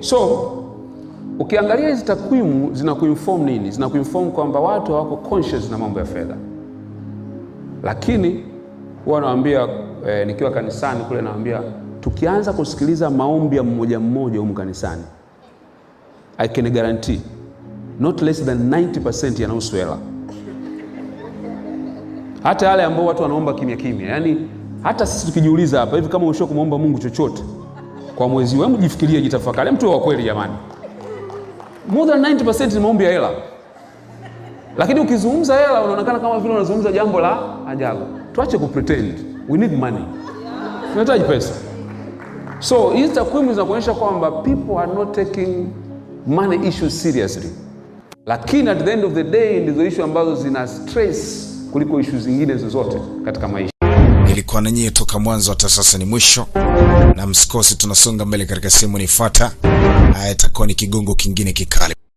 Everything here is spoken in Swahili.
so ukiangalia hizi takwimu zinakuinform nini? Zinakuinform kwamba watu hawako conscious na mambo ya fedha, lakini huwa nawaambia eh, nikiwa kanisani kule nawambia tukianza kusikiliza maombi ya mmoja mmoja humu kanisani, I can guarantee not less than 90% yanahusu hela, hata yale ambao watu wanaomba kimya kimya. Yani hata sisi tukijiuliza hapa hivi, kama ushio kumwomba Mungu chochote kwa mwezi wenu. Jifikirie, jitafakari, mtu wa kweli jamani. More than 90% ni maombi ya hela, lakini ukizungumza hela unaonekana kama vile unazungumza jambo la ajabu. Tuache pretend, we need money, tunahitaji pesa. So hizi takwimu zinakuonyesha kwamba people are not taking money issues seriously, lakini at the end of the day ndizo issue ambazo zina stress kuliko issue zingine zozote katika maisha. Nilikuwa na nyie toka mwanzo hata sasa ni mwisho, na msikosi, tunasonga mbele katika sehemu nifata Haya, itakuwa ni kigongo kingine kikali.